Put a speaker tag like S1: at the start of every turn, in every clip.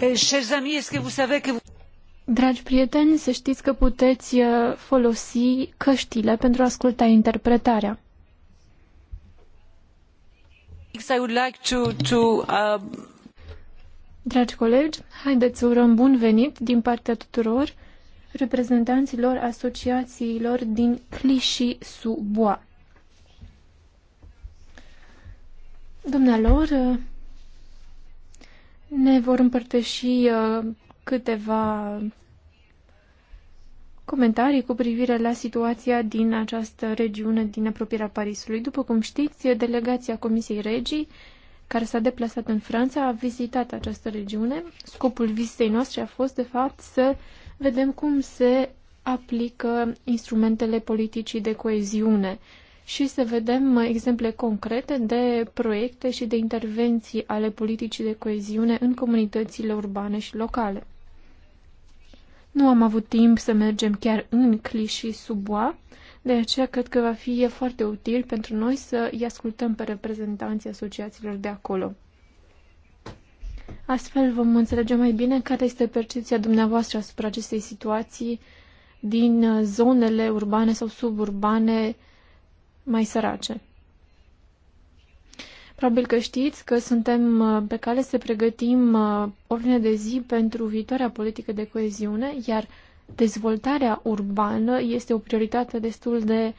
S1: Eh,
S2: Dragi prieteni, să știți că puteți eh, folosi căștile pentru a asculta interpretarea.
S1: I would like to, to, uh...
S2: Dragi colegi, haideți să urăm bun venit din partea tuturor reprezentanților asociațiilor din Clișii Suboa. Dumnealor, eh, ne vor împărtăși uh, câteva comentarii cu privire la situația din această regiune din apropierea Parisului. După cum știți, delegația Comisiei Regii, care s-a deplasat în Franța, a vizitat această regiune. Scopul vizitei noastre a fost, de fapt, să vedem cum se aplică instrumentele politicii de coeziune și să vedem uh, exemple concrete de proiecte și de intervenții ale politicii de coeziune în comunitățile urbane și locale. Nu am avut timp să mergem chiar în Clișii Suboa, de aceea cred că va fi foarte util pentru noi să îi ascultăm pe reprezentanții asociațiilor de acolo. Astfel vom înțelege mai bine care este percepția dumneavoastră asupra acestei situații din uh, zonele urbane sau suburbane mai sărace. Probabil că știți că suntem uh, pe cale să pregătim uh, ordine de zi pentru viitoarea politică de coeziune, iar dezvoltarea urbană este o prioritate destul de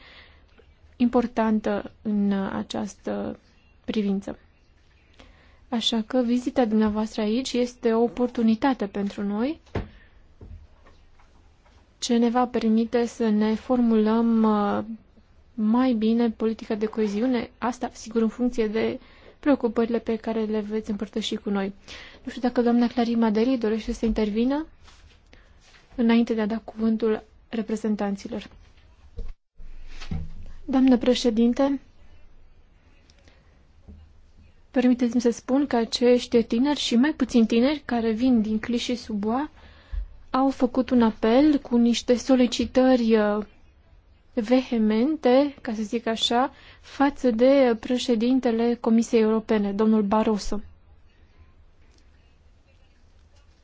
S2: importantă în uh, această privință. Așa că vizita dumneavoastră aici este o oportunitate pentru noi ce ne va permite să ne formulăm mai bine politica de coeziune, asta sigur în funcție de preocupările pe care le veți împărtăși cu noi. Nu știu dacă doamna Clarima Deli dorește să intervină înainte de a da cuvântul reprezentanților. Doamnă președinte, permiteți-mi să spun că acești tineri și mai puțin tineri care vin din clișii Suboa au făcut un apel cu niște solicitări uh, vehemente, ca să zic așa, față de președintele Comisiei Europene, domnul Barroso.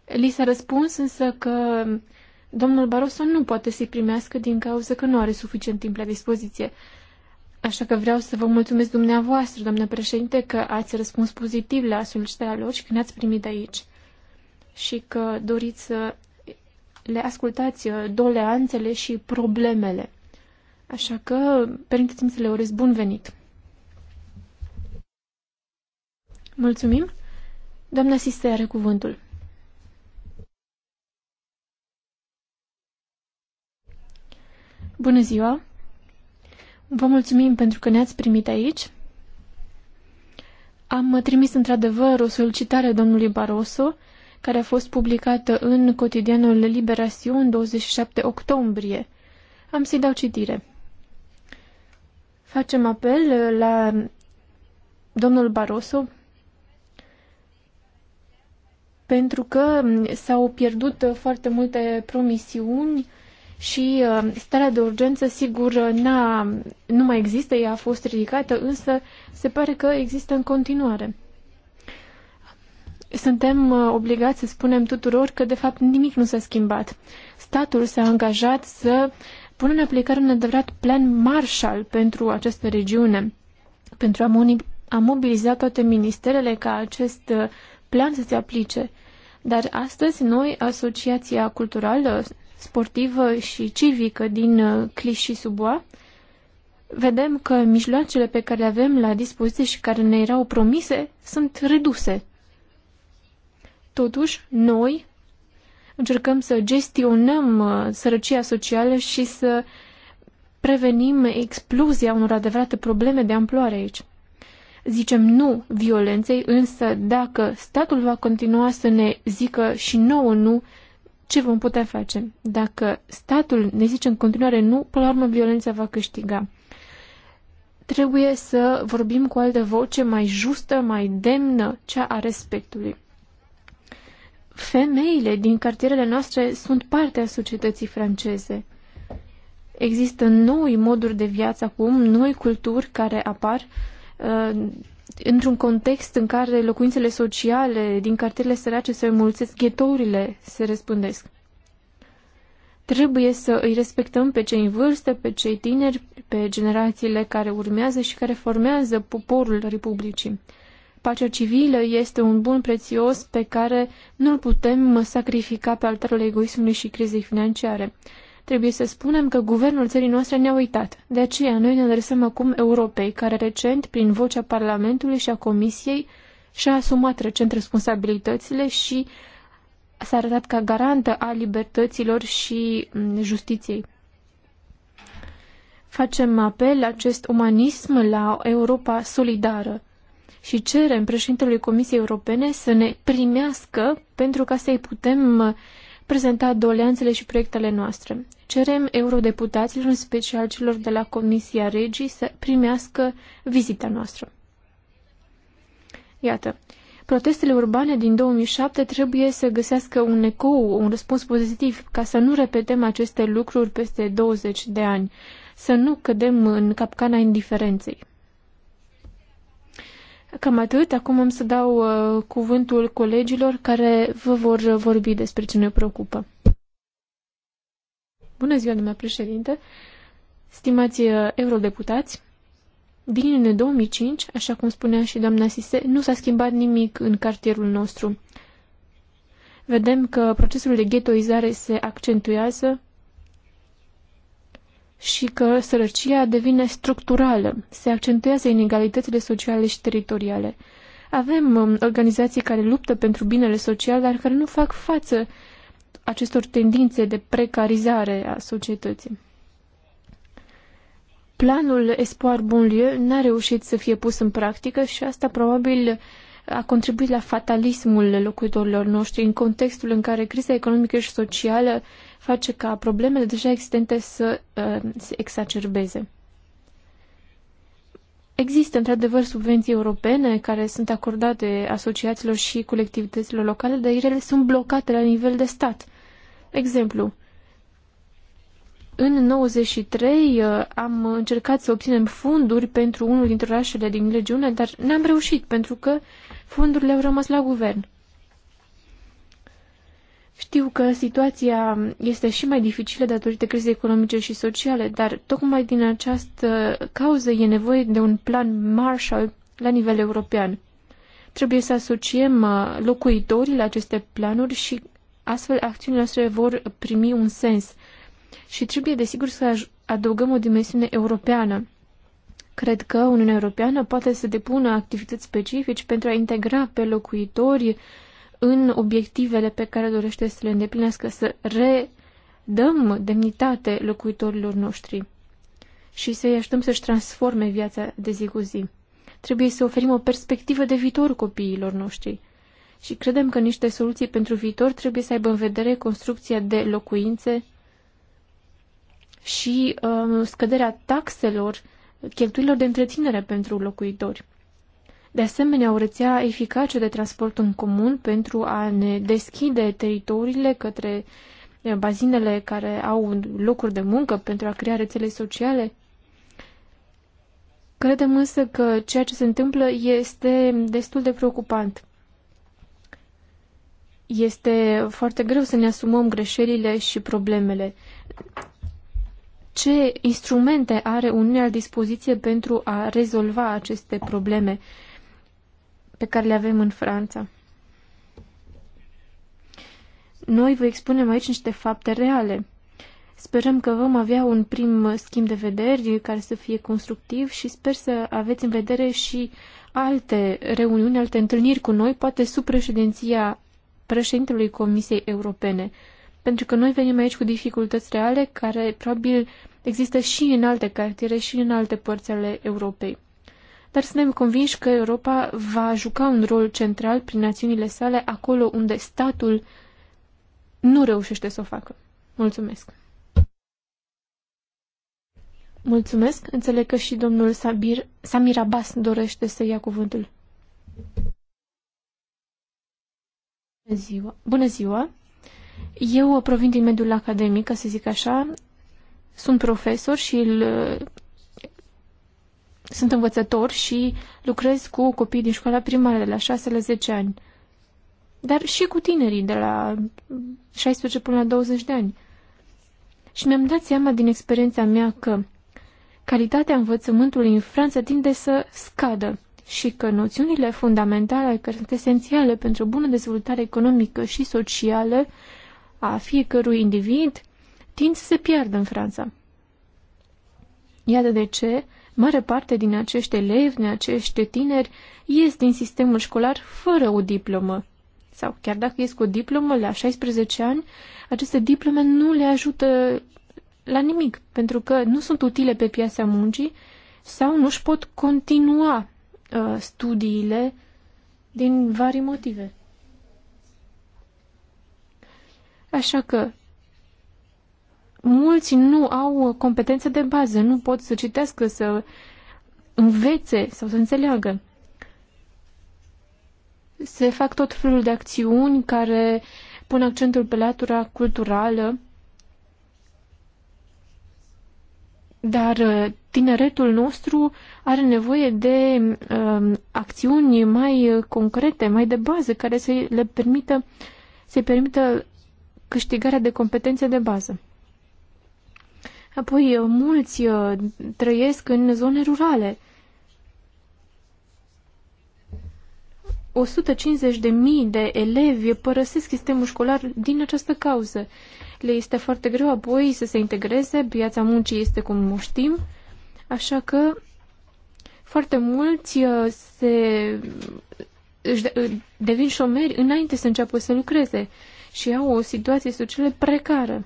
S2: Li s-a răspuns însă că domnul Barroso nu poate să-i primească din cauza că nu are suficient timp la dispoziție. Așa că vreau să vă mulțumesc dumneavoastră, domnule președinte, că ați răspuns pozitiv la solicitarea lor și că ne-ați primit aici și că doriți să le ascultați doleanțele și problemele. Așa că permiteți-mi să le urez bun venit. Mulțumim. Doamna Siste are cuvântul. Bună ziua! Vă mulțumim pentru că ne-ați primit aici. Am trimis într-adevăr o solicitare domnului Barroso, care a fost publicată în cotidianul Liberation 27 octombrie. Am să-i dau citire. Facem apel uh, la domnul Barroso pentru că um, s-au pierdut uh, foarte multe promisiuni și uh, starea de urgență, sigur, n-a, nu mai există, ea a fost ridicată, însă se pare că există în continuare. Suntem obligați să spunem tuturor că, de fapt, nimic nu s-a schimbat. Statul s-a angajat să uh, pune în aplicare un adevărat plan Marshall pentru această regiune, pentru a, a mobiliza toate ministerele ca acest uh, plan să se aplice. Dar astăzi noi, Asociația Culturală, Sportivă și Civică din uh, Cliș și Suboa, vedem că mijloacele pe care le avem la dispoziție și care ne erau promise sunt reduse. Totuși, noi, încercăm să gestionăm uh, sărăcia socială și să prevenim explozia unor adevărate probleme de amploare aici. Zicem nu violenței, însă dacă statul va continua să ne zică și nouă nu, ce vom putea face? Dacă statul ne zice în continuare nu, până la urmă violența va câștiga. Trebuie să vorbim cu altă voce mai justă, mai demnă, cea a respectului femeile din cartierele noastre sunt parte a societății franceze. Există noi moduri de viață acum, noi culturi care apar uh, într-un context în care locuințele sociale din cartierele sărace se înmulțesc, ghetourile se răspândesc. Trebuie să îi respectăm pe cei în vârstă, pe cei tineri, pe generațiile care urmează și care formează poporul Republicii. Pacea civilă este un bun prețios pe care nu-l putem sacrifica pe altarul egoismului și crizei financiare. Trebuie să spunem că guvernul țării noastre ne-a uitat. De aceea noi ne adresăm acum Europei, care recent, prin vocea Parlamentului și a Comisiei, și-a asumat recent responsabilitățile și s-a arătat ca garantă a libertăților și mm, justiției. Facem apel la acest umanism, la Europa solidară și cerem președintelui Comisiei Europene să ne primească pentru ca să-i putem uh, prezenta doleanțele și proiectele noastre. Cerem eurodeputaților, în special celor de la Comisia Regii, să primească vizita noastră. Iată, protestele urbane din 2007 trebuie să găsească un ecou, un răspuns pozitiv, ca să nu repetem aceste lucruri peste 20 de ani, să nu cădem în capcana indiferenței. Cam atât. Acum am să dau uh, cuvântul colegilor care vă vor uh, vorbi despre ce ne preocupă. Bună ziua, domnule președinte! Stimați uh, eurodeputați, din 2005, așa cum spunea și doamna Sise, nu s-a schimbat nimic în cartierul nostru. Vedem că procesul de ghetoizare se accentuează, și că sărăcia devine structurală, se accentuează inegalitățile sociale și teritoriale. Avem um, organizații care luptă pentru binele social, dar care nu fac față acestor tendințe de precarizare a societății. Planul Espoir Bonlieu n-a reușit să fie pus în practică și asta probabil a contribuit la fatalismul locuitorilor noștri în contextul în care criza economică și socială face ca problemele deja existente să uh, se exacerbeze. Există, într-adevăr, subvenții europene care sunt acordate asociațiilor și colectivităților locale, dar ele sunt blocate la nivel de stat. Exemplu, în 93 uh, am încercat să obținem fonduri pentru unul dintre orașele din regiune, dar n-am reușit pentru că fondurile au rămas la guvern. Știu că situația este și mai dificilă datorită crizei economice și sociale, dar tocmai din această cauză e nevoie de un plan Marshall la nivel european. Trebuie să asociem uh, locuitorii la aceste planuri și astfel acțiunile noastre vor primi un sens. Și trebuie, desigur, să adăugăm o dimensiune europeană. Cred că Uniunea Europeană poate să depună activități specifici pentru a integra pe locuitorii în obiectivele pe care dorește să le îndeplinească, să redăm demnitate locuitorilor noștri și să-i ajutăm să-și transforme viața de zi cu zi. Trebuie să oferim o perspectivă de viitor copiilor noștri și credem că niște soluții pentru viitor trebuie să aibă în vedere construcția de locuințe și uh, scăderea taxelor, cheltuielor de întreținere pentru locuitori. De asemenea, o rețea eficace de transport în comun pentru a ne deschide teritoriile către eh, bazinele care au locuri de muncă pentru a crea rețele sociale. Credem însă că ceea ce se întâmplă este destul de preocupant. Este foarte greu să ne asumăm greșelile și problemele. Ce instrumente are Uniunea la dispoziție pentru a rezolva aceste probleme? pe care le avem în Franța. Noi vă expunem aici niște fapte reale. Sperăm că vom avea un prim schimb de vederi care să fie constructiv și sper să aveți în vedere și alte reuniuni, alte întâlniri cu noi, poate sub președinția președintelui Comisiei Europene. Pentru că noi venim aici cu dificultăți reale care probabil există și în alte cartiere și în alte părți ale Europei dar suntem convinși că Europa va juca un rol central prin națiunile sale acolo unde statul nu reușește să o facă. Mulțumesc! Mulțumesc! Înțeleg că și domnul Sabir, Samir Abbas dorește să ia cuvântul. Bună ziua! Bună ziua! Eu provin din mediul academic, ca să zic așa, sunt profesor și îl sunt învățător și lucrez cu copii din școala primară de la 6 la 10 ani, dar și cu tinerii de la 16 până la 20 de ani. Și mi-am dat seama din experiența mea că calitatea învățământului în Franța tinde să scadă și că noțiunile fundamentale care sunt esențiale pentru o bună dezvoltare economică și socială a fiecărui individ tind să se piardă în Franța. Iată de ce Mare parte din acești elevi, din acești tineri, ies din sistemul școlar fără o diplomă. Sau chiar dacă ies cu o diplomă la 16 ani, aceste diplome nu le ajută la nimic, pentru că nu sunt utile pe piața muncii sau nu își pot continua uh, studiile din vari motive. Așa că mulți nu au competențe de bază, nu pot să citească, să învețe sau să înțeleagă. Se fac tot felul de acțiuni care pun accentul pe latura culturală, dar uh, tineretul nostru are nevoie de uh, acțiuni mai concrete, mai de bază, care să le permită, să permită câștigarea de competențe de bază. Apoi, uh, mulți uh, trăiesc în zone rurale. 150.000 de mii de elevi părăsesc sistemul școlar din această cauză. Le este foarte greu apoi să se integreze, piața muncii este cum știm, așa că foarte mulți uh, se devin șomeri înainte să înceapă să lucreze și au o situație socială precară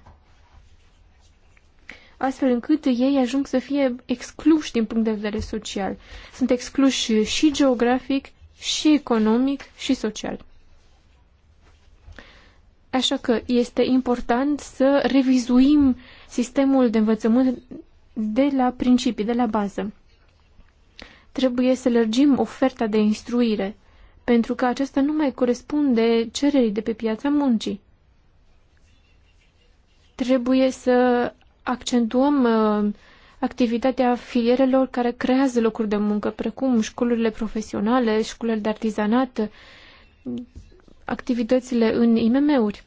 S2: astfel încât ei ajung să fie excluși din punct de vedere social. Sunt excluși și geografic, și economic, și social. Așa că este important să revizuim sistemul de învățământ de la principii, de la bază. Trebuie să lărgim oferta de instruire, pentru că aceasta nu mai corespunde cererii de pe piața muncii. Trebuie să accentuăm uh, activitatea filierelor care creează locuri de muncă, precum școlile profesionale, școlile de artizanat, activitățile în IMM-uri.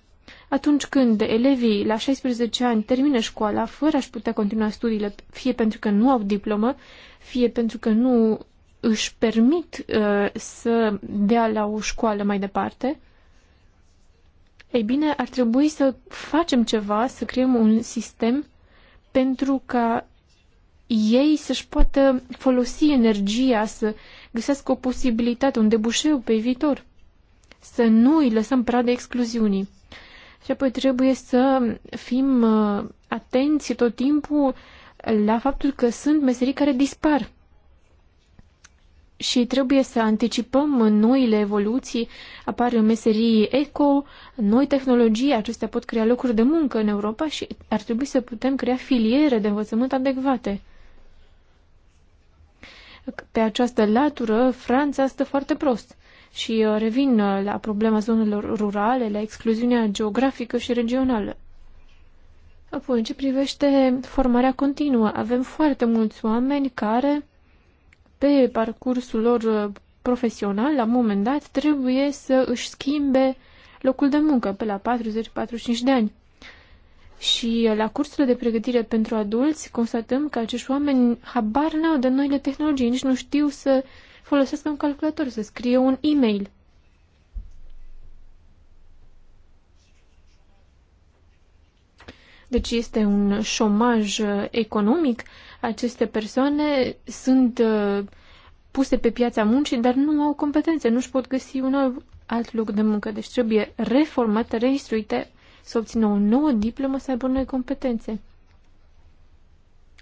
S2: Atunci când elevii la 16 ani termină școala fără a-și putea continua studiile, fie pentru că nu au diplomă, fie pentru că nu își permit uh, să dea la o școală mai departe, ei bine, ar trebui să facem ceva, să creăm un sistem pentru ca ei să-și poată folosi energia, să găsească o posibilitate, un debușeu pe viitor. Să nu îi lăsăm pradă excluziunii. Și apoi trebuie să fim uh, atenți tot timpul la faptul că sunt meserii care dispar și trebuie să anticipăm noile evoluții, apar meserii eco, noi tehnologii, acestea pot crea locuri de muncă în Europa și ar trebui să putem crea filiere de învățământ adecvate. Pe această latură, Franța stă foarte prost. Și uh, revin uh, la problema zonelor rurale, la excluziunea geografică și regională. Apoi, în ce privește formarea continuă, avem foarte mulți oameni care pe parcursul lor uh, profesional, la un moment dat, trebuie să își schimbe locul de muncă pe la 40-45 de ani. Și uh, la cursurile de pregătire pentru adulți constatăm că acești oameni habar n-au de noile tehnologii, nici nu știu să folosească un calculator, să scrie un e-mail. Deci este un șomaj uh, economic aceste persoane sunt uh, puse pe piața muncii, dar nu au competențe, nu își pot găsi un alt loc de muncă. Deci trebuie reformate, reinstruite, să obțină o nouă diplomă, să aibă noi competențe.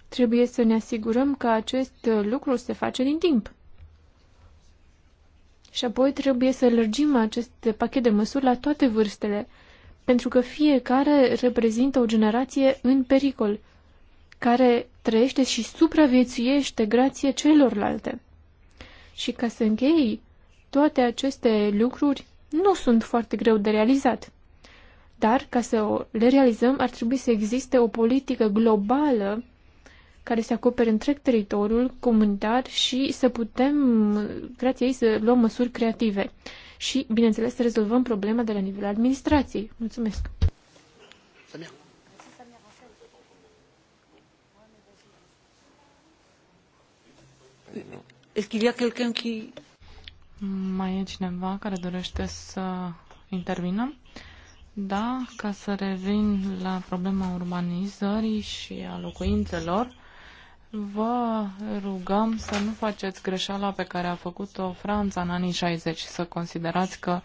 S2: Trebuie să ne asigurăm că acest uh, lucru se face din timp. Și apoi trebuie să lărgim acest pachet de măsuri la toate vârstele, pentru că fiecare reprezintă o generație în pericol care trăiește și supraviețuiește grație celorlalte. Și ca să închei, toate aceste lucruri nu sunt foarte greu de realizat. Dar, ca să le realizăm, ar trebui să existe o politică globală care să acopere întreg teritoriul comunitar și să putem, grație ei, să luăm măsuri creative. Și, bineînțeles, să rezolvăm problema de la nivelul administrației. Mulțumesc!
S1: Să Mai e cineva care dorește să intervină? Da, ca să revin la problema urbanizării și a locuințelor, vă rugăm să nu faceți greșeala pe care a făcut-o Franța în anii 60, să considerați că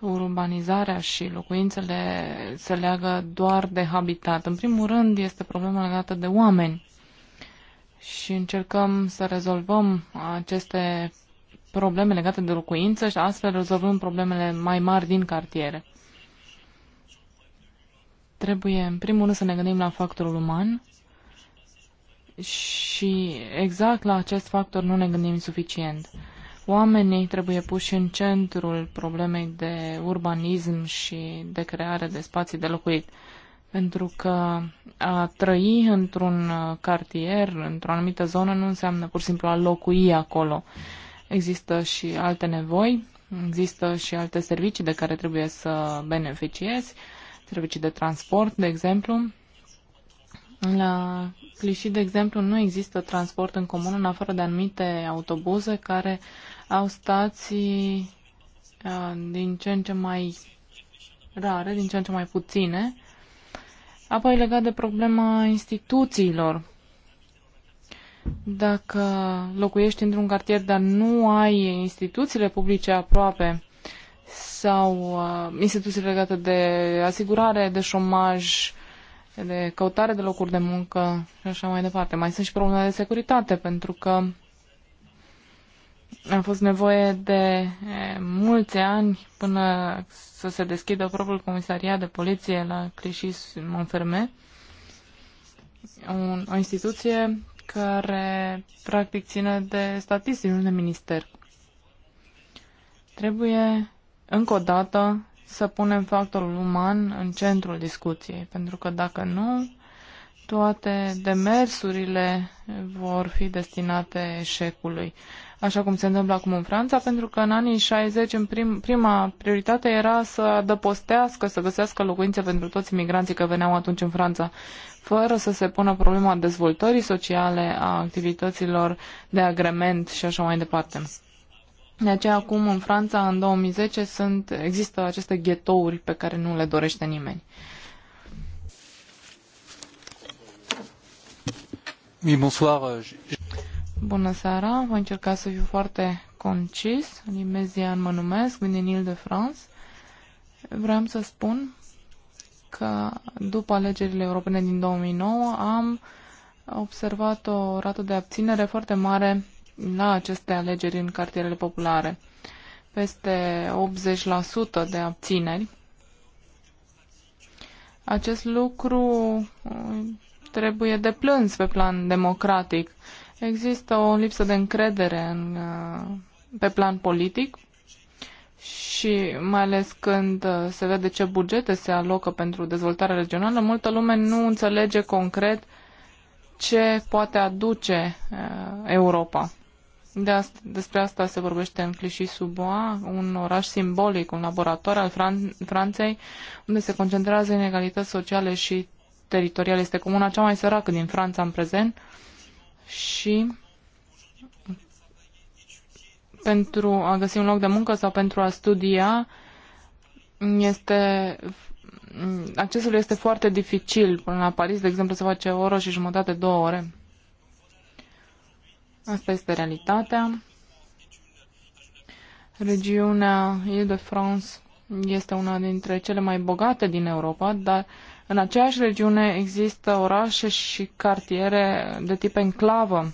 S1: urbanizarea și locuințele se leagă doar de habitat. În primul rând este problema legată de oameni și încercăm să rezolvăm aceste probleme legate de locuință și astfel rezolvăm problemele mai mari din cartiere. Trebuie, în primul rând, să ne gândim la factorul uman și exact la acest factor nu ne gândim suficient. Oamenii trebuie puși în centrul problemei de urbanism și de creare de spații de locuit. Pentru că a trăi într-un uh, cartier, într-o anumită zonă, nu înseamnă pur și simplu a locui acolo. Există și alte nevoi, există și alte servicii de care trebuie să beneficiezi, servicii de transport, de exemplu. La clișii de exemplu, nu există transport în comun în afară de anumite autobuze care au stații uh, din ce în ce mai rare, din ce în ce mai puține Apoi legat de problema instituțiilor. Dacă locuiești într-un cartier, dar nu ai instituțiile publice aproape sau uh, instituții legate de asigurare, de șomaj, de căutare de locuri de muncă și așa mai departe. Mai sunt și probleme de securitate, pentru că a fost nevoie de mulți ani până să se deschidă propriul comisariat de poliție la Clichy-Montfermeil, o instituție care practic ține de statistici, nu de minister. Trebuie încă o dată să punem factorul uman în centrul discuției, pentru că dacă nu, toate demersurile vor fi destinate eșecului așa cum se întâmplă acum în Franța, pentru că în anii 60 în prim, prima prioritate era să adăpostească, să găsească locuințe pentru toți imigranții care veneau atunci în Franța, fără să se pună problema dezvoltării sociale, a activităților de agrement și așa mai departe. De aceea acum în Franța, în 2010, sunt, există aceste ghetouri pe care nu le dorește nimeni. Oui, bonsoir. Bună seara, voi încerca să fiu foarte concis. Limezian mă numesc, vin din de france Vreau să spun că după alegerile europene din 2009 am observat o rată de abținere foarte mare la aceste alegeri în cartierele populare. Peste 80% de abțineri. Acest lucru uh, trebuie deplâns pe plan democratic Există o lipsă de încredere în, uh, pe plan politic și mai ales când uh, se vede ce bugete se alocă pentru dezvoltare regională, multă lume nu înțelege concret ce poate aduce uh, Europa. De asta, despre asta se vorbește în Clichy-sous-Bois, un oraș simbolic, un laborator al Fran- Franței, unde se concentrează inegalități sociale și teritoriale. Este comuna cea mai săracă din Franța în prezent. Uh, și pentru a găsi un loc de muncă sau pentru a studia este accesul este foarte dificil. Până la Paris, de exemplu, se face o oră și jumătate, două ore. Asta este realitatea. Regiunea Ile-de-France este una dintre cele mai bogate din Europa, dar în aceeași regiune există orașe și cartiere de tip enclavă.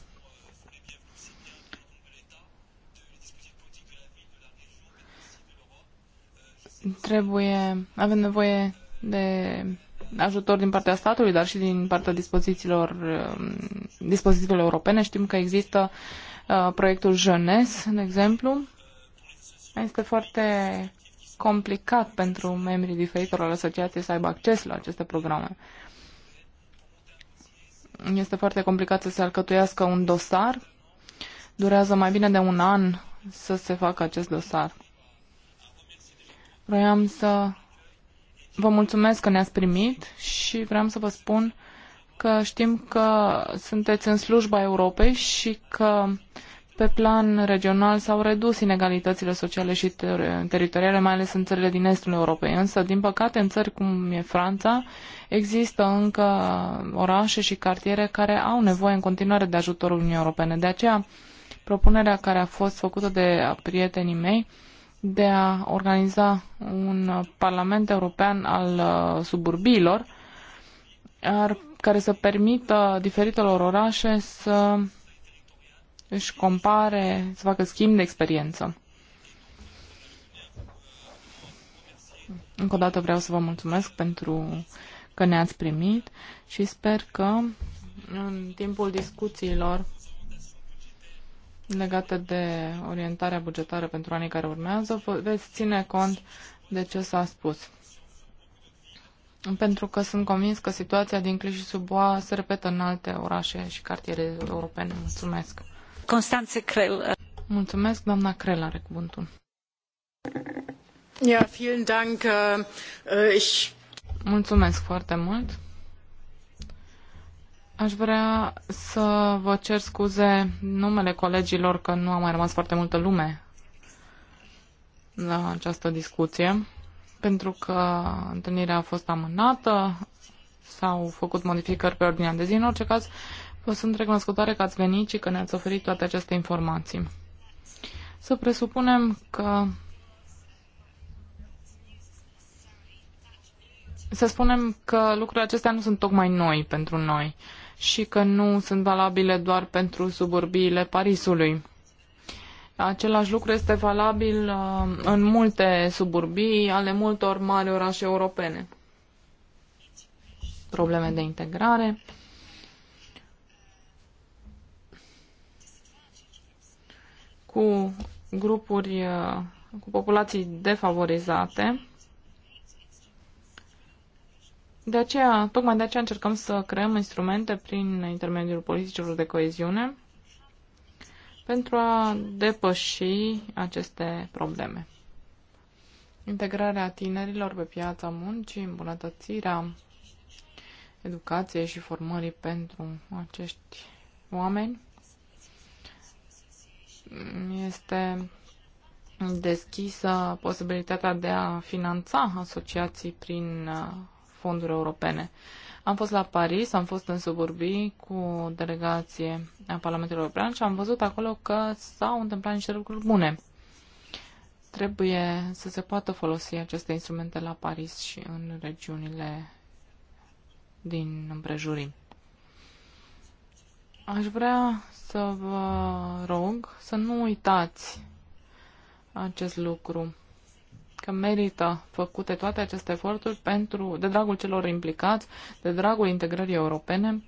S1: Trebuie, avem nevoie de ajutor din partea statului, dar și din partea dispozițiilor, um, dispozițiilor europene. Știm că există uh, proiectul Jeunesse, de exemplu. Este foarte complicat pentru membrii diferitelor asociații să aibă acces la aceste programe. Este foarte complicat să se alcătuiască un dosar. Durează mai bine de un an să se facă acest dosar. Vreau să vă mulțumesc că ne-ați primit și vreau să vă spun că știm că sunteți în slujba Europei și că pe plan regional s-au redus inegalitățile sociale și ter teritoriale, mai ales în țările din estul Europei. Însă, din păcate, în țări cum e Franța, există încă orașe și cartiere care au nevoie în continuare de ajutorul Uniunii Europene. De aceea, propunerea care a fost făcută de prietenii mei de a organiza un Parlament European al uh, suburbiilor, care să permită diferitelor orașe să își compare, să facă schimb de experiență. Încă o dată vreau să vă mulțumesc pentru că ne-ați primit și sper că în timpul discuțiilor legate de orientarea bugetară pentru anii care urmează, veți ține cont de ce s-a spus. Pentru că sunt convins că situația din Cluj și Suboa se repetă în alte orașe și cartiere europene. Mulțumesc! Constanțe Crel. Mulțumesc, doamna Crel are cuvântul. Ja, vielen Dank. Äh, äh, ich... Mulțumesc foarte mult. Aș vrea să vă cer scuze numele colegilor că nu a mai rămas foarte multă lume la această discuție, pentru că întâlnirea a fost amânată, s-au făcut modificări pe ordinea de zi. În orice caz, Vă sunt recunoscătoare că ați venit și că ne-ați oferit toate aceste informații. Să presupunem că să spunem că lucrurile acestea nu sunt tocmai noi pentru noi și că nu sunt valabile doar pentru suburbiile Parisului. Același lucru este valabil uh, în multe suburbii ale multor mari orașe europene. Probleme de integrare cu grupuri, uh, cu populații defavorizate. De aceea, tocmai de aceea încercăm să creăm instrumente prin intermediul politicilor de coeziune pentru a depăși aceste probleme. Integrarea tinerilor pe piața muncii, îmbunătățirea educației și formării pentru acești oameni, este deschisă posibilitatea de a finanța asociații prin uh, fonduri europene. Am fost la Paris, am fost în suburbii cu o delegație a Parlamentului European și am văzut acolo că s-au întâmplat niște lucruri bune. Trebuie să se poată folosi aceste instrumente la Paris și în regiunile din împrejurimi. Aș vrea să vă rog să nu uitați acest lucru, că merită făcute toate aceste eforturi pentru, de dragul celor implicați, de dragul integrării europene.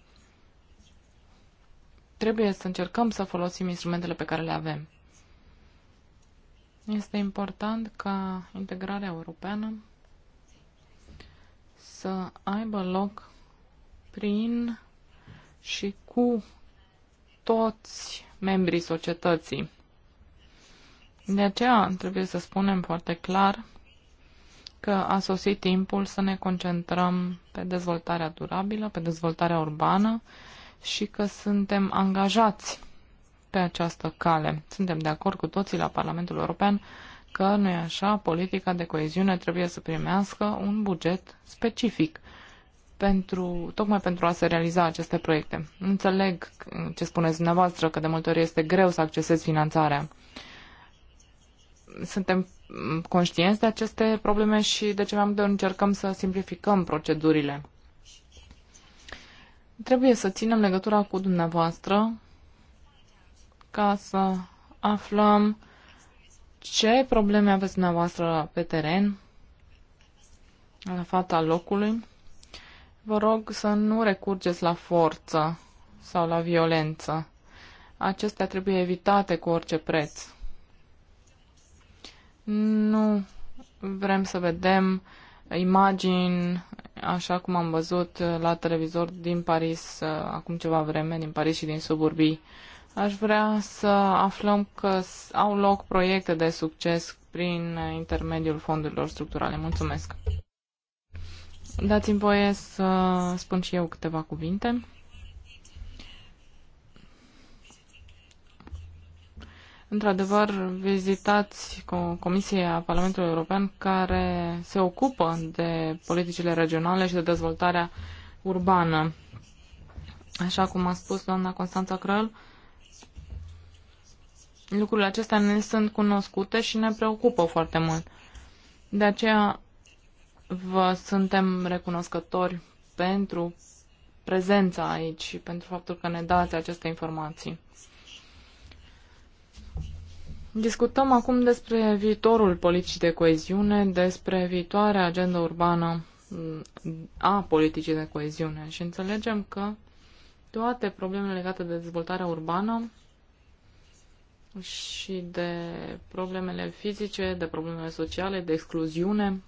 S1: Trebuie să încercăm să folosim instrumentele pe care le avem. Este important ca integrarea europeană să aibă loc prin și cu toți membrii societății. De aceea trebuie să spunem foarte clar că a sosit timpul să ne concentrăm pe dezvoltarea durabilă, pe dezvoltarea urbană și că suntem angajați pe această cale. Suntem de acord cu toții la Parlamentul European că, nu așa, politica de coeziune trebuie să primească un buget specific pentru, tocmai pentru a se realiza aceste proiecte. Înțeleg ce spuneți dumneavoastră, că de multe ori este greu să accesezi finanțarea. Suntem conștienți de aceste probleme și de ce mai multe ori încercăm să simplificăm procedurile. Trebuie să ținem legătura cu dumneavoastră ca să aflăm ce probleme aveți dumneavoastră pe teren, la fata locului Vă rog să nu recurgeți la forță sau la violență. Acestea trebuie evitate cu orice preț. Nu vrem să vedem imagini așa cum am văzut la televizor din Paris acum ceva vreme, din Paris și din suburbii. Aș vrea să aflăm că au loc proiecte de succes prin intermediul fondurilor structurale. Mulțumesc! Dați-mi voie să spun și eu câteva cuvinte. Într-adevăr, vizitați Comisia Parlamentului European care se ocupă de politicile regionale și de dezvoltarea urbană. Așa cum a spus doamna Constanța Crăl, lucrurile acestea ne sunt cunoscute și ne preocupă foarte mult. De aceea Vă suntem recunoscători pentru prezența aici și pentru faptul că ne dați aceste informații. Discutăm acum despre viitorul politicii de coeziune, despre viitoarea agenda urbană mm, a politicii de coeziune și înțelegem că toate problemele legate de dezvoltarea urbană și de problemele fizice, de problemele sociale, de excluziune,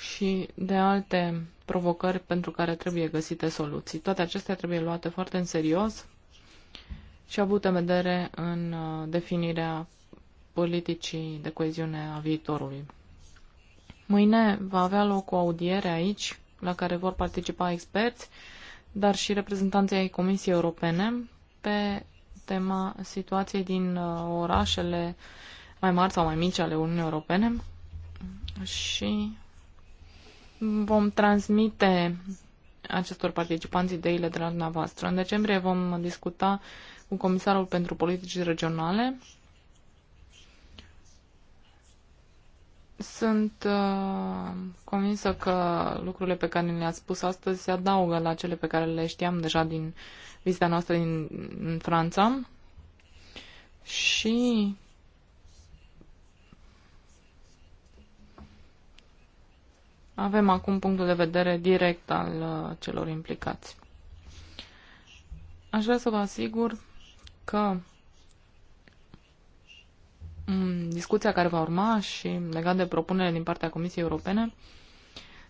S1: și de alte provocări pentru care trebuie găsite soluții. Toate acestea trebuie luate foarte în serios și avut în vedere în uh, definirea politicii de coeziune a viitorului. Mâine va avea loc o audiere aici, la care vor participa experți, dar și reprezentanții ai Comisiei Europene pe tema situației din uh, orașele mai mari sau mai mici ale Uniunii Europene și Vom transmite acestor participanți ideile de la dumneavoastră. În decembrie vom discuta cu Comisarul pentru Politici Regionale. Sunt uh, convinsă că lucrurile pe care le-ați spus astăzi se adaugă la cele pe care le știam deja din vizita noastră din, în Franța și Avem acum punctul de vedere direct al uh, celor implicați. Aș vrea să vă asigur că mm, discuția care va urma și legat de propunere din partea Comisiei Europene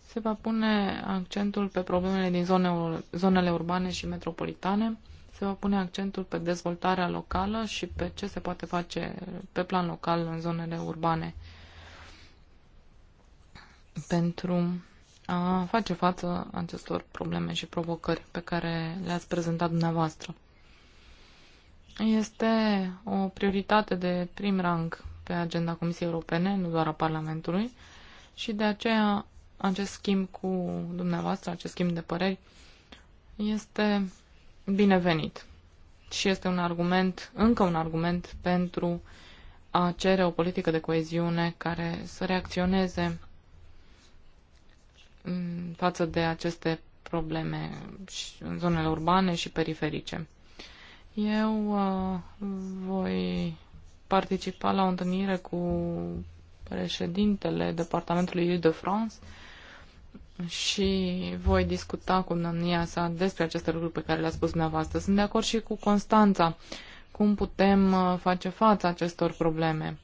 S1: se va pune accentul pe problemele din zone, zonele urbane și metropolitane, se va pune accentul pe dezvoltarea locală și pe ce se poate face pe plan local în zonele urbane pentru a face față acestor probleme și provocări pe care le-ați prezentat dumneavoastră. Este o prioritate de prim rang pe agenda Comisiei Europene, nu doar a Parlamentului, și de aceea acest schimb cu dumneavoastră, acest schimb de păreri, este binevenit și este un argument, încă un argument pentru a cere o politică de coeziune care să reacționeze Mm, față de aceste probleme în zonele urbane și periferice. Eu uh, voi participa la o întâlnire cu președintele Departamentului Ile-de-France și voi discuta cu domnia sa despre aceste lucruri pe care le-a spus dumneavoastră. Sunt de acord și cu Constanța cum putem uh, face față acestor probleme.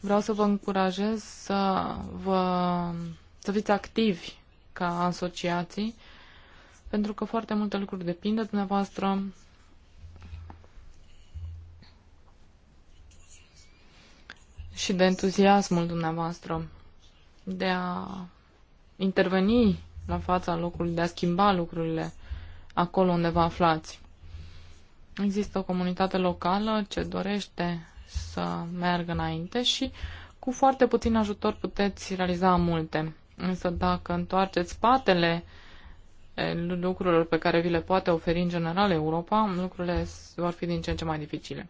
S1: Vreau să vă încurajez să, vă, să fiți activi ca asociații, pentru că foarte multe lucruri depind de dumneavoastră. și de entuziasmul dumneavoastră de a interveni la fața locului, de a schimba lucrurile acolo unde vă aflați. Există o comunitate locală ce dorește să meargă înainte și cu foarte puțin ajutor puteți realiza multe. Însă dacă întoarceți spatele lucrurilor pe care vi le poate oferi în general Europa, lucrurile vor fi din ce în ce mai dificile.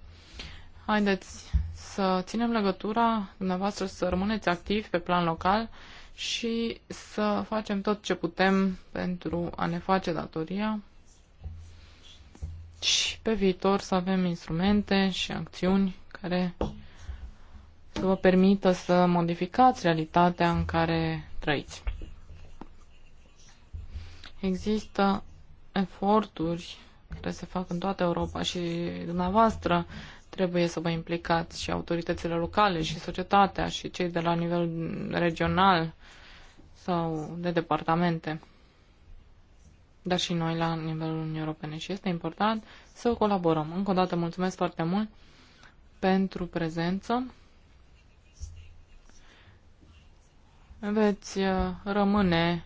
S1: Haideți să ținem legătura, dumneavoastră să rămâneți activi pe plan local și să facem tot ce putem pentru a ne face datoria și pe viitor să avem instrumente și acțiuni care să vă permită să modificați realitatea în care trăiți. Există eforturi care se fac în toată Europa și dumneavoastră trebuie să vă implicați și autoritățile locale și societatea și cei de la nivel regional sau de departamente, dar și noi la nivelul Uniunii Europene. Și este important să colaborăm. Încă o dată mulțumesc foarte mult pentru prezență. veți uh, rămâne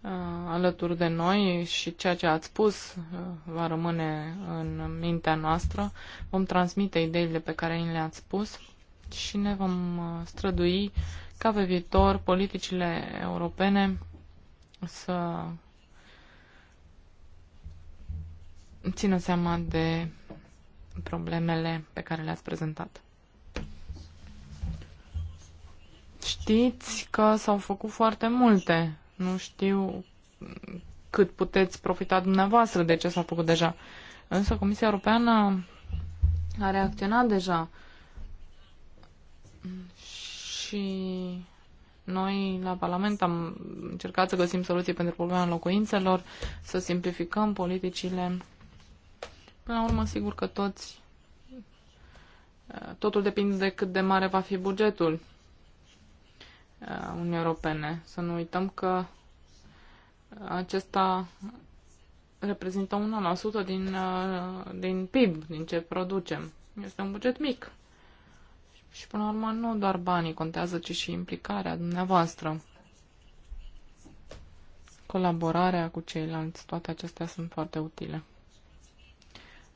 S1: uh, alături de noi și ceea ce ați spus uh, va rămâne în mintea noastră. Vom transmite ideile pe care ni le-ați spus și ne vom strădui ca pe viitor politicile europene să țină seama de problemele pe care le-ați prezentat. Știți că s-au făcut foarte multe. Nu știu cât puteți profita dumneavoastră de ce s-a făcut deja. Însă Comisia Europeană a reacționat deja și noi la Parlament am încercat să găsim soluții pentru problema locuințelor, să simplificăm politicile. Până la urmă, sigur că toți, totul depinde de cât de mare va fi bugetul. Uniunii Europene. Să nu uităm că acesta reprezintă 1% din, din PIB, din ce producem. Este un buget mic. Și până la urmă nu doar banii contează, ci și implicarea dumneavoastră. Colaborarea cu ceilalți, toate acestea sunt foarte utile.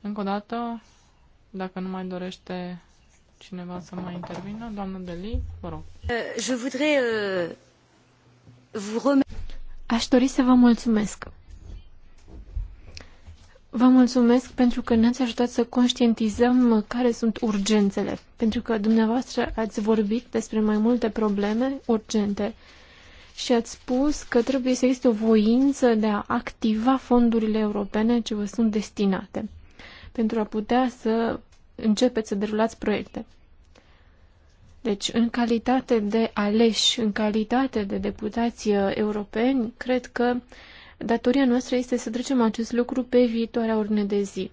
S1: Încă o dată, dacă nu mai dorește cineva să mai intervină? Doamna Deli, vă rog. Euh, je voudrais euh, vous
S2: remercier. Aș dori să vă mulțumesc. Vă mulțumesc pentru că ne-ați ajutat să conștientizăm care sunt urgențele, pentru că dumneavoastră ați vorbit despre mai multe probleme urgente și ați spus că trebuie să existe o voință de a activa fondurile europene ce vă sunt destinate pentru a putea să începeți să derulați proiecte. Deci, în calitate de aleși, în calitate de deputați uh, europeni, cred că datoria noastră este să trecem acest lucru pe viitoarea ordine de zi.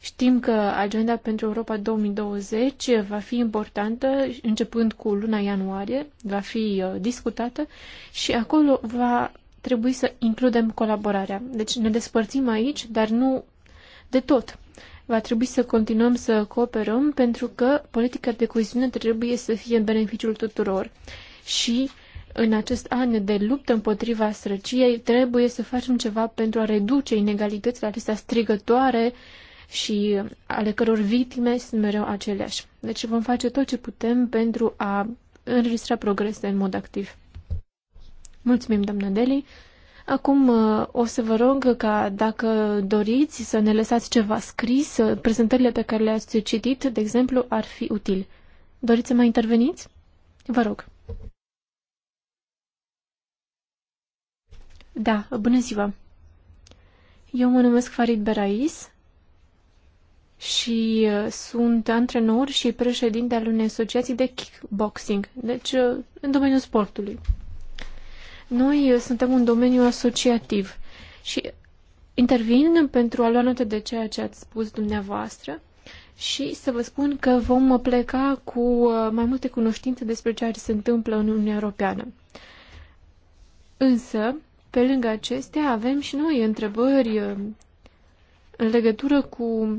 S2: Știm că agenda pentru Europa 2020 va fi importantă începând cu luna ianuarie, va fi uh, discutată și acolo va trebui să includem colaborarea. Deci ne despărțim aici, dar nu de tot va trebui să continuăm să cooperăm pentru că politica de coeziune trebuie să fie în beneficiul tuturor. Și în acest an de luptă împotriva sărăciei trebuie să facem ceva pentru a reduce inegalitățile acestea strigătoare și ale căror victime sunt mereu aceleași. Deci vom face tot ce putem pentru a înregistra progrese în mod activ. Mulțumim, doamna Deli. Acum uh, o să vă rog ca dacă doriți să ne lăsați ceva scris, uh, prezentările pe care le-ați citit, de exemplu, ar fi util. Doriți să mai interveniți? Vă rog. Da, bună ziua. Eu mă numesc Farid Berais și uh, sunt antrenor și președinte al unei asociații de kickboxing, deci în domeniul sportului. Noi uh, suntem un domeniu asociativ și intervin pentru a lua notă de ceea ce ați spus dumneavoastră și să vă spun că vom pleca cu uh, mai multe cunoștințe despre ceea ce se întâmplă în Uniunea Europeană. Însă, pe lângă acestea, avem și noi întrebări uh, în legătură cu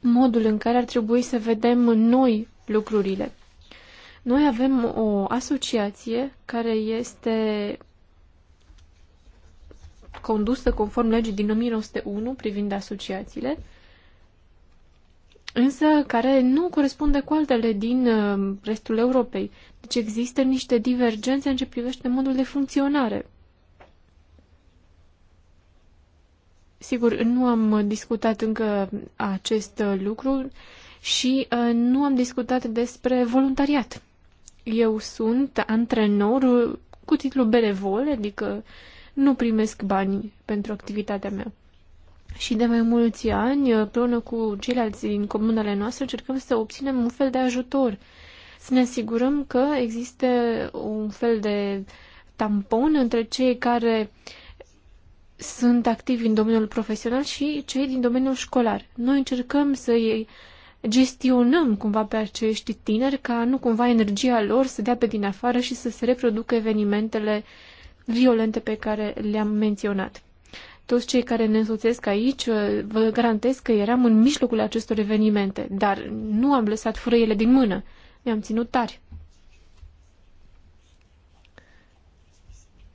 S2: modul în care ar trebui să vedem noi lucrurile. Noi avem o asociație care este condusă conform legii din 1901 privind asociațiile, însă care nu corespunde cu altele din uh, restul Europei. Deci există niște divergențe în ce privește modul de funcționare. Sigur, nu am discutat încă acest lucru și uh, nu am discutat despre voluntariat. Eu sunt antrenor cu titlu benevol, adică nu primesc bani pentru activitatea mea. Și de mai mulți ani, împreună cu ceilalți din comunele noastre, încercăm să obținem un fel de ajutor, să ne asigurăm că există un fel de tampon între cei care sunt activi în domeniul profesional și cei din domeniul școlar. Noi încercăm să îi gestionăm cumva pe acești tineri ca nu cumva energia lor să dea pe din afară și să se reproducă evenimentele violente pe care le-am menționat. Toți cei care ne însoțesc aici, uh, vă garantez că eram în mijlocul acestor evenimente, dar nu am lăsat fără ele din mână. Mi-am ținut tari.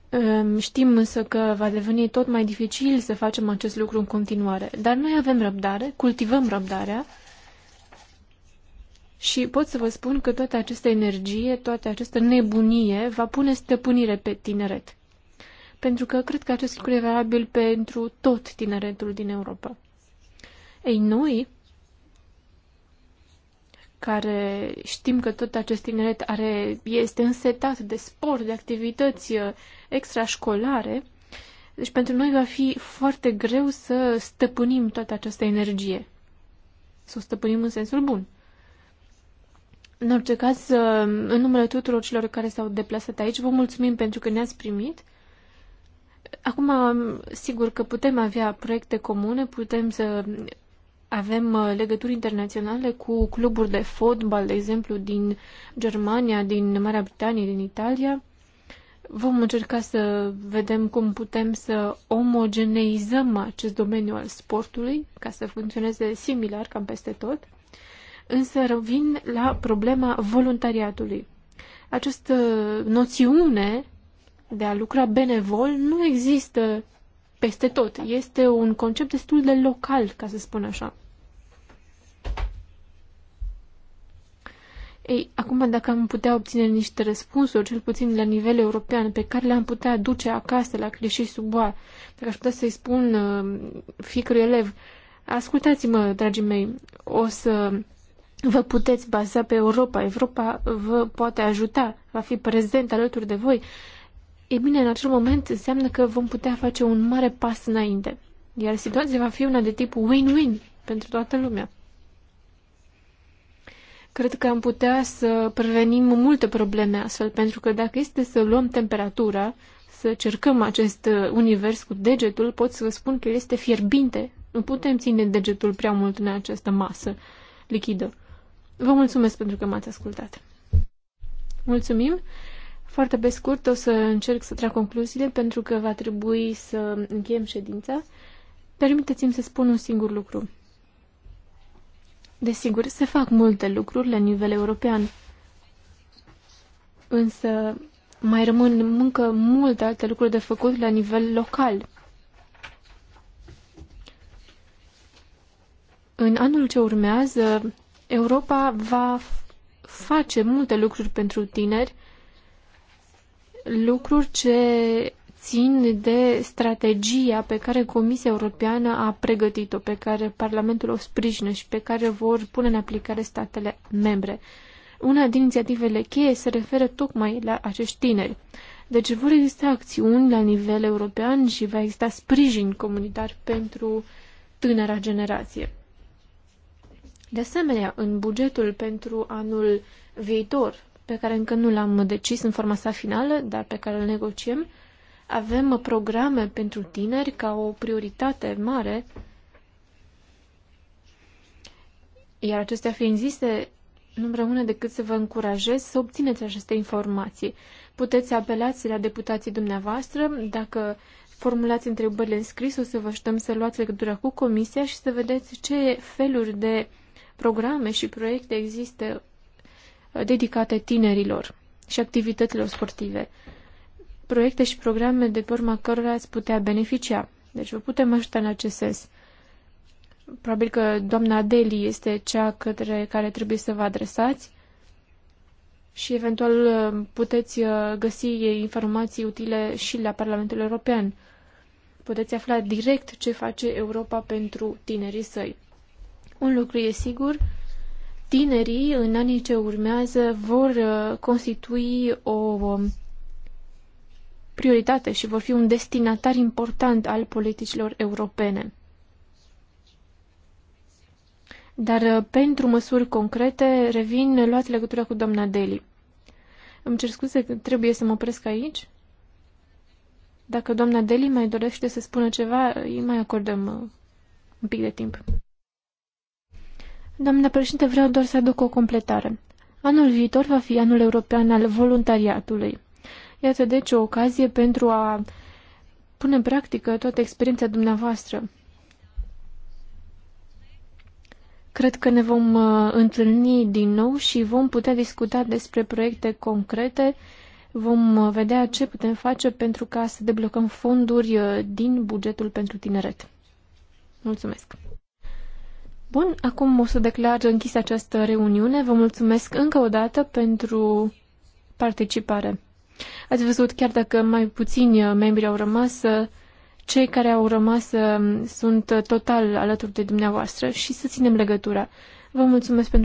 S2: Ehm, știm însă că va deveni tot mai dificil să facem acest lucru în continuare, dar noi avem răbdare, cultivăm răbdarea și pot să vă spun că toată această energie, toată această nebunie va pune stăpânire pe tineret. Pentru că cred că acest lucru e valabil pentru tot tineretul din Europa. Ei, noi, care știm că tot acest tineret are, este însetat de sport, de activități uh, extrașcolare, deci pentru noi va fi foarte greu să stăpânim toată această energie. Să o stăpânim în sensul bun. În orice caz, uh, în numele tuturor celor care s-au deplasat aici, vă mulțumim pentru că ne-ați primit. Acum, sigur că putem avea proiecte comune, putem să avem uh, legături internaționale cu cluburi de fotbal, de exemplu, din Germania, din Marea Britanie, din Italia. Vom încerca să vedem cum putem să omogeneizăm acest domeniu al sportului, ca să funcționeze similar cam peste tot. Însă revin la problema voluntariatului. Această noțiune de a lucra benevol nu există peste tot. Este un concept destul de local, ca să spun așa. Ei, acum dacă am putea obține niște răspunsuri, cel puțin la nivel european, pe care le-am putea aduce acasă la clișii suboa, dacă aș putea să-i spun uh, fiecărui elev, ascultați-mă, dragii mei, o să vă puteți baza pe Europa. Europa vă poate ajuta, va fi prezent alături de voi. E bine, în acel moment înseamnă că vom putea face un mare pas înainte. Iar situația va fi una de tip win-win pentru toată lumea. Cred că am putea să prevenim multe probleme astfel, pentru că dacă este să luăm temperatura, să cercăm acest univers cu degetul, pot să vă spun că el este fierbinte. Nu putem ține degetul prea mult în această masă lichidă. Vă mulțumesc pentru că m-ați ascultat. Mulțumim. Foarte pe scurt o să încerc să trag concluziile pentru că va trebui să încheiem ședința. Permiteți-mi să spun un singur lucru. Desigur, se fac multe lucruri la nivel european, însă mai rămân încă multe alte lucruri de făcut la nivel local. În anul ce urmează, Europa va face multe lucruri pentru tineri, lucruri ce țin de strategia pe care Comisia Europeană a pregătit-o, pe care Parlamentul o sprijină și pe care vor pune în aplicare statele membre. Una din inițiativele cheie se referă tocmai la acești tineri. Deci vor exista acțiuni la nivel european și va exista sprijin comunitar pentru tânăra generație. De asemenea, în bugetul pentru anul viitor, pe care încă nu l-am decis în forma sa finală, dar pe care îl negociem, avem programe pentru tineri ca o prioritate mare, iar acestea fiind zise, nu rămâne decât să vă încurajez să obțineți aceste informații. Puteți apelați la deputații dumneavoastră. Dacă formulați întrebările în scris, o să vă ajutăm să luați legătura cu comisia și să vedeți ce feluri de programe și proiecte există uh, dedicate tinerilor și activităților sportive. Proiecte și programe de pe urma cărora ați putea beneficia. Deci vă putem ajuta în acest sens. Probabil că doamna Deli este cea către care trebuie să vă adresați și eventual uh, puteți uh, găsi informații utile și la Parlamentul European. Puteți afla direct ce face Europa pentru tinerii săi. Un lucru e sigur, tinerii în anii ce urmează vor uh, constitui o um, prioritate și vor fi un destinatar important al politicilor europene. Dar uh, pentru măsuri concrete revin luați legătura cu doamna Deli. Îmi cer scuze că trebuie să mă opresc aici. Dacă doamna Deli mai dorește să spună ceva, îi mai acordăm uh, un pic de timp. Doamna președinte, vreau doar să aduc o completare. Anul viitor va fi anul european al voluntariatului. Iată deci o ocazie pentru a pune în practică toată experiența dumneavoastră. Cred că ne vom uh, întâlni din nou și vom putea discuta despre proiecte concrete. Vom uh, vedea ce putem face pentru ca să deblocăm fonduri uh, din bugetul pentru tineret. Mulțumesc! spun. acum o să declar închisă această reuniune. Vă mulțumesc încă o dată pentru participare. Ați văzut, chiar dacă mai puțini membri au rămas, cei care au rămas sunt total alături de dumneavoastră și să ținem legătura. Vă mulțumesc pentru